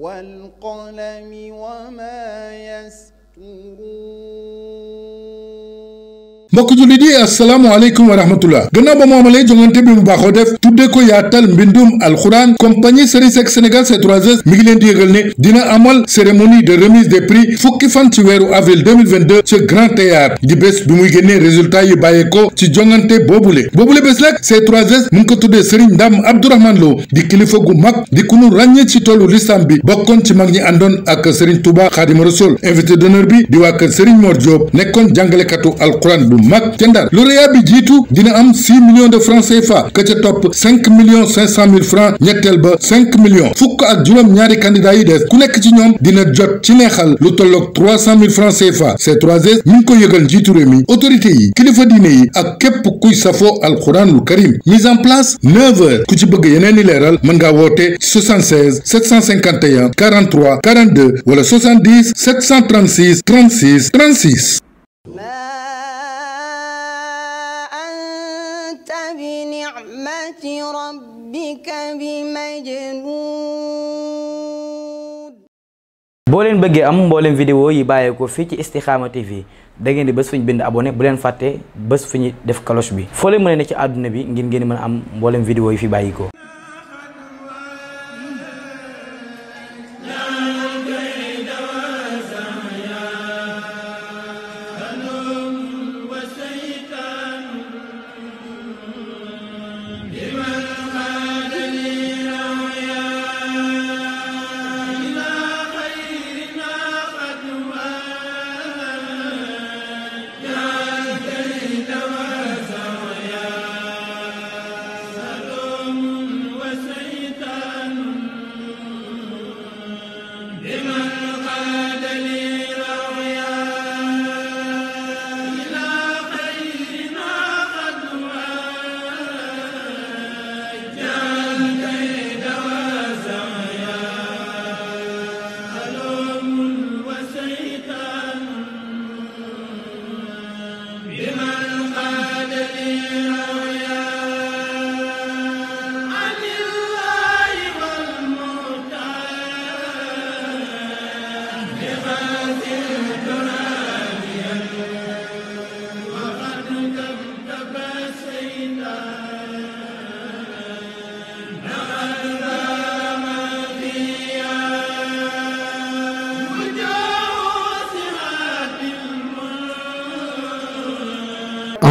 والقلم وما يسطرون mbokk jullit yi asalaamaaleykum wa rahmatullah gannaaw ba mu amalee jongante bi mu baaxoo def tuddee ko yaatal mbindum alxuraan compagnie Serigne Seck Sénégal C3S mi ngi leen di yëgal ne dina amal cérémonie de remise des prix fukki fan ci weeru avril 2022 ci Grand Théâtre di bés bi muy génnee résultat yi bàyyeekoo ci jongante boobule boobule boobu nag C3S mu ngi ko tuddee Serigne Ndam Abdourahmane Lo di kilifa gu mag di ku nu ràññee ci toolu listam bi bokkoon ci mag ñi àndoon ak Serigne Touba Khadim Rassoul invité d'honneur bi di waa kër Serigne Mor nekkoon jàngalekatu alxuraan bu mag ca Ndar lauréat bi jiitu dina am six millions de francs CFA ka ca topp cinq millions cinq cent ñetteel ba cinq millions fukk ak juróom ñaari candidats yi des ku nekk ci ñoom dina jot ci neexal lu tolloog trois cent mille francs CFA C3S ngi ko yëgal njiitu réew mi autorité yi kilifa diine yi ak képp kuy safoo alxuraanul karim mise en place neuf heures ku ci bëgg yeneen i leeral mën ngaa woote 76 751 43 42 wala 70 736 36 36 بنعمة ربك بمجنون boo leen bëggee am mbooleem vidéo yi bàyyeekoo fii ci Istikhama TV da ngeen di bés fu ñu bind abonné bu leen fàttee bés fu ñu def cloche bi fooleen leen mën ne ci àdduna bi ngir ngeen mën a am mbooleem vidéo yi fi bàyyikoo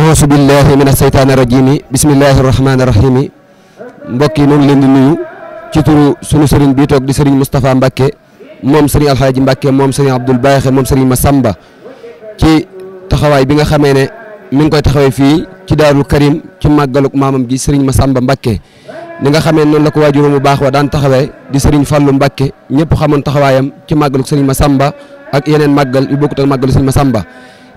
ausu billahi min aseytaani rajimi bismillahi rahmaani rahimi mbokk yi ñoo ngi leen ci turu sunu sëriñ bii toog di sëriñ Moustapha Mbacke moom sëriñ Alxaaji Mbacke moom sëriñ Abdoul Baaxe moom sëriñ Massamba ci taxawaay bi nga xamee ne mi ngi koy taxawee fii ci Daarul Karim ci màggaluk maamam gi sëriñ Massamba Mbacke ni nga xamee noonu la ko waajuróom bu baax wa daan taxawe di sëriñ Fallou mbakke ñëpp xamoon taxawaayam ci màggaluk sëriñ Massamba ak yeneen màggal yu bokkut ak màggalu sëriñ Massamba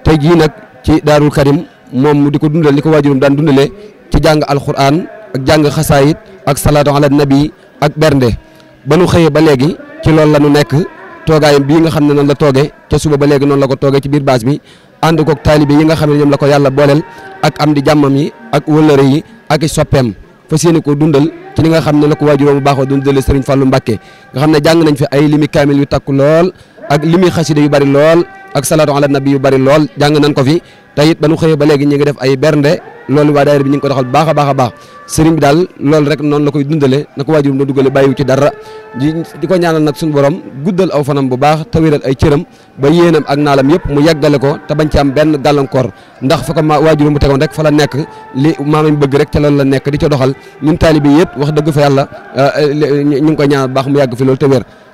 tey jii nag ci Daarul Karim moom mu di ko dundal ni ko waajurum daan dundalee ci jàng alquran ak jàng xasaayit ak salaatu ala nabi ak bernde ba nu xëyee ba léegi ci loolu la nu nekk toogaayam bii nga xam ne noonu la toogee ca suba ba léegi noonu la ko toogee ci biir base bi ànd koog taalibe yi nga xam ne ñoom la ko yàlla booleel ak am di jàmmam yi ak wëllëre yi ak i soppeem fas yéene koo dundal ci li nga xam ne la ko waajuróom bu baaxoo doon dundale Serigne Fallou Mbacké nga xam ne jàng nañ fi ay limi kaamil yu takku lool ak limi xasida yu bari lool ak salaatu ala nabi yu bari lool jàng nan ko fi te it ba nu xëyee ba léegi ñu ngi def ay bernde loolu waa daayira bi ñu ngi ko baax a baax a baax sëriñ bi daal loolu rek noonu la koy dundale na ko waajurum doon dugale bàyyiwu ci dara di ko ñaanal nag suñu borom guddal aw fanam bu baax te wéral ay cëram ba yéenam ak naalam yëpp mu yàggale ko te bañ ci am benn gàllankoor ndax fa ma waajurum bu tegoon rek fa la nekk li maamam bëgg rek ca loolu la nekk di ca doxal ñun taalibe yëpp wax dëgg fa yàlla euh, euh, ñu ngi ko ñaanal baax mu yàgg fi loolu te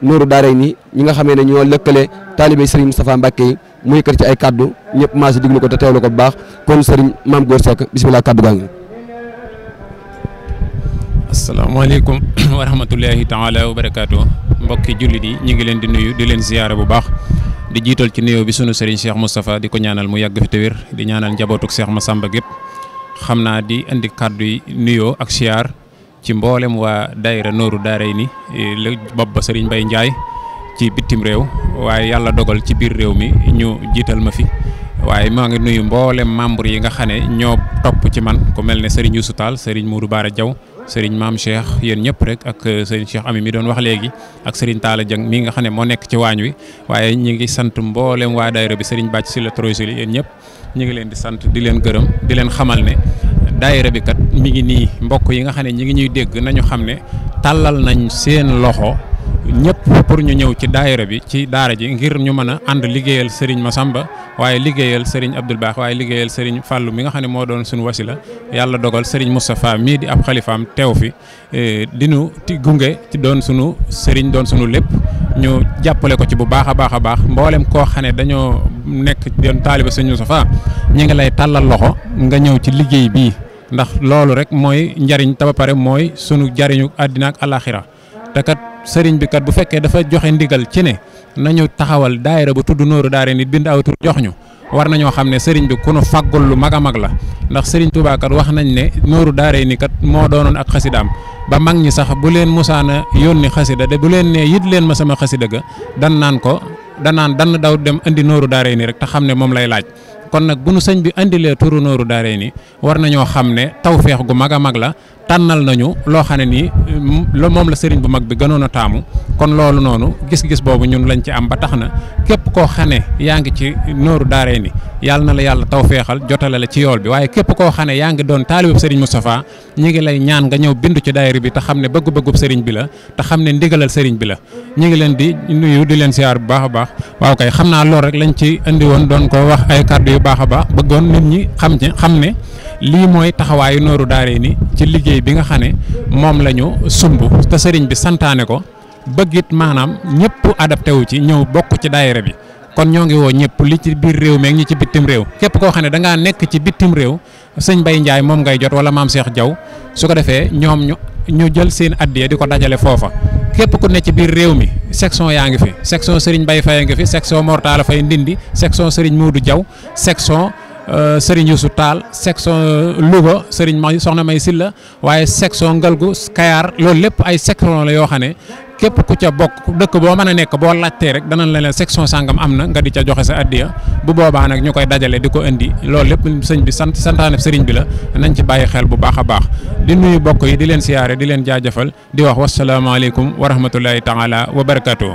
Nuuru Daaray nii ñi nga xamee ne ñoo lëkkale taalibe Serigne Moustapha Mbacke yi mu yëkkati ci ay kaddu ñëpp maa si diglu ko te teewlu ko bu baax kon Serigne Mame Gor Seck bisimilah kaddu gaa ngi. asalaamaaleykum wa rahmatullahi taala wa barakaatu mbokki jullit yi ñu ngi leen di nuyu di leen ziyaare bu baax. di jiital ci nuyoo bi sunu Serigne Cheikh Moustapha di ko ñaanal mu yàgg fi te wér di ñaanal njabootuk ma Massamba gépp xam naa di indi kàddu yi nuyoo ak siyaar ci mboolem waa daayira nooru daaray ni eh, la bopp ba sëriñ Mbay Njaay ci bitim réew waaye yàlla dogal ci biir réew mi ñu jiital ma fi waaye maa ngi nuyu mboolem membre yi nga xam ne ñoo topp ci man ku mel ne sëriñ Youssou Tall sëriñ Mourou baara jaw sëriñ maam Cheikh yéen ñëpp rek ak eh, sëriñ Cheikh Ami mi doon wax léegi ak sëriñ Talla Dieng mii nga xam ne moo nekk ci waañ wi waaye ñu ngi sant mboolem waa daayira bi sëriñ Bàcc si la Trésorier yéen ñëpp ñu ngi leen di sant di leen gërëm di leen xamal ne daayira bi kat mi ngi nii mbokk yi nga xam ne ñi ngi ñuy dégg nañu xam ne tàllal nañ seen loxo ñëpp pour ñu ñëw ci daayira bi ci daara ji ngir ñu mën a ànd liggéeyal Serigne Massamba waaye liggéeyal Serigne Abdoul Baax waaye liggéeyal Serigne fàllu mi nga xam ne moo doon suñu wasila yàlla dogal Serigne Moustapha mii di ab xalifaam teew fi eh, di nu ti gunge ci doon sunu sëriñ doon sunu lépp ñu jàppale ko ci bu baax a baax a baax mboolem koo xam ne dañoo nekk doon taaliba Serigne Moustapha ñu ngi lay tàllal loxo nga ñëw ci liggéey ndax loolu rek mooy njariñ te ba pare mooy sunu jariñu àddina ak alaxira te kat sëriñ bi kat bu fekkee dafa joxe ndigal ci ne nañu taxawal daayira bu tudd Nooru Daara ni bind aw jox ñu war nañoo xam ne sëriñ bi ku nu faggul lu mag a mag la ndax sëriñ Tuubaa wax nañ ne Nooru Daara ni kat moo doonoon ak xasidaam ba mag ñi sax bu leen musaana yónni xasida de bu leen nee yit leen ma sama xasida ga dan naan ko danaan dan daw dem indi Nooru Daara ni rek te xam ne moom lay laaj kon nag bu nu sëñ bi indilee turu nooru daaree ni war nañoo xam ne tawféex gu mag a mag la tànnal nañu loo xam ne nii moom la sëriñ bu mag bi gënoon a taamu kon loolu noonu gis-gis boobu ñun lañ ci am ba tax na képp koo xam ne yaa ngi ci nooru daaree ni yàlla na la yàlla taw feexal jotale la ci yool bi waaye képp koo xam ne yaa ngi doon taalibab sëriñ Moustapha ñi ngi lay ñaan nga ñëw bindu ci daayira bi te xam ne bëgg-bëggub sëriñ bi la te xam ne ndigalal sëriñ bi la ñi ngi leen di nuyu di leen siyaar bu baax a baax waaw kay xam naa loolu rek lañ woon doon ko wax ay kàddu yu baax a baax bëggoon nit ñi lii mooy taxawaayu nooru daaree ni ci liggéey bi nga xam ne moom la ñu sumb te sëriñ bi santaane ko bëggit maanaam ñëpp adapté wu ci ñëw bokk ci daayira bi kon ñoo ngi woo ñëpp li ci biir réew meek ñi ci bitim réew képp koo xam ne da nekk ci bitim réew sëñ Baye Ndiaye moom ngay jot wala maam Cheikh jaw su ko defee ñoom ñu ñu jël seen addiya di ko dajale foofa képp ku ne ci biir réew mi section yaa ngi fi section Serigne Baye Faye a ngi fi section Mortala fay Ndindi section Serigne Modou Diaw section Euh, Serigne su Tall section euh, Louga Serigne May soxna May Silla waaye section Ngalgu Kayar loolu lépp ay section la yoo xam ne képp ku ca bokk dëkk boo mën a nekk boo laajtee rek danañ la leen section sangam am na nga di ca joxe sa addiya bu boobaa nag ñu koy dajale di ko indi loolu lépp sëñ bi sant santaane sëriñ bi la nañ ci bàyyi xel bu baax a baax di nuyu bokk yi di leen siyaare di leen jaajëfal di wax wasalaamaaleykum wa rahmatulahi taala wa barakaatu.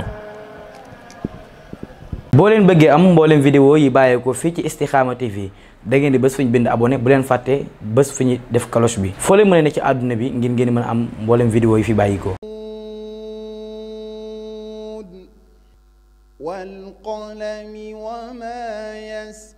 boo leen bëggee am mbooleem vidéo yi bàyyeekoo fii ci Istikhama TV da ngeen di bés fu ñu bind abonné bu leen fàtte bés fu def cloche bi foo leen mën a ne ci àdduna bi ngir ngeen mën a am mbooleem vidéo yi fi bàyyikoo wal qalami wa ma yas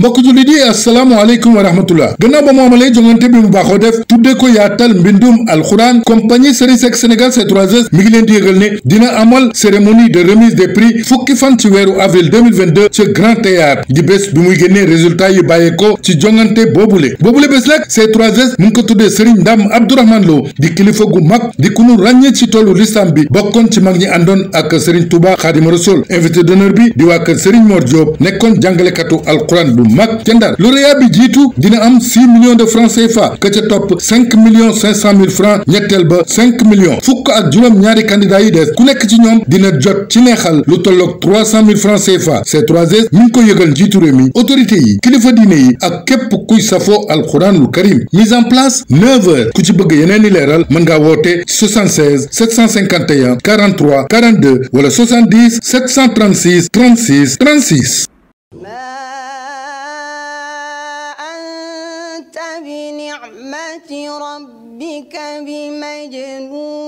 mbokk jullit yi asalaamaaleykum wa rahmatullah gannaaw ba mu amalee jongante bi mu baaxoo def tuddee ko yaatal mbindum alxuraan compagnie Serigne Seck Sénégal C3S mi ngi leen di yëgal ne dina amal cérémonie de remise des prix fukki fan ci weeru avril 2022 ci Grand Théâtre di bés bi muy génnee résultat yi bàyyeekoo ci jongante boobu boobule bés nag C3S mu ngi ko tuddee Serigne Ndam Abdourahmane Lo di kilifa gu mag di ku nu ràññee ci tollu lislam bi bokkoon ci mag ñi àndoon ak Serigne Touba Xaadimu Rasuul invité d'honneur bi di waa kër Serigne Mor Diop nekkoon jàngalekatu alxuraan bu mag ca Ndar lauréat bi jiitu dina am six millions de francs CFA ka topp cinq millions cinq cent mille francs ñetteel ba cinq millions fukk ak juróom-ñaari candidats yi des ku nekk ci ñoom dina jot ci neexal lu tolloog trois cent mille francs CFA c 3 ngi ko yëgal jiitu réew mi autorité yi kilifa diine yi ak képp kuy safoo alxuraanul karim mise en place neuf ku ci bëgg yeneen i leeral mën ngaa woote 76 751 43 42 wala 70 736 36 36. بِمَجْنُونٍ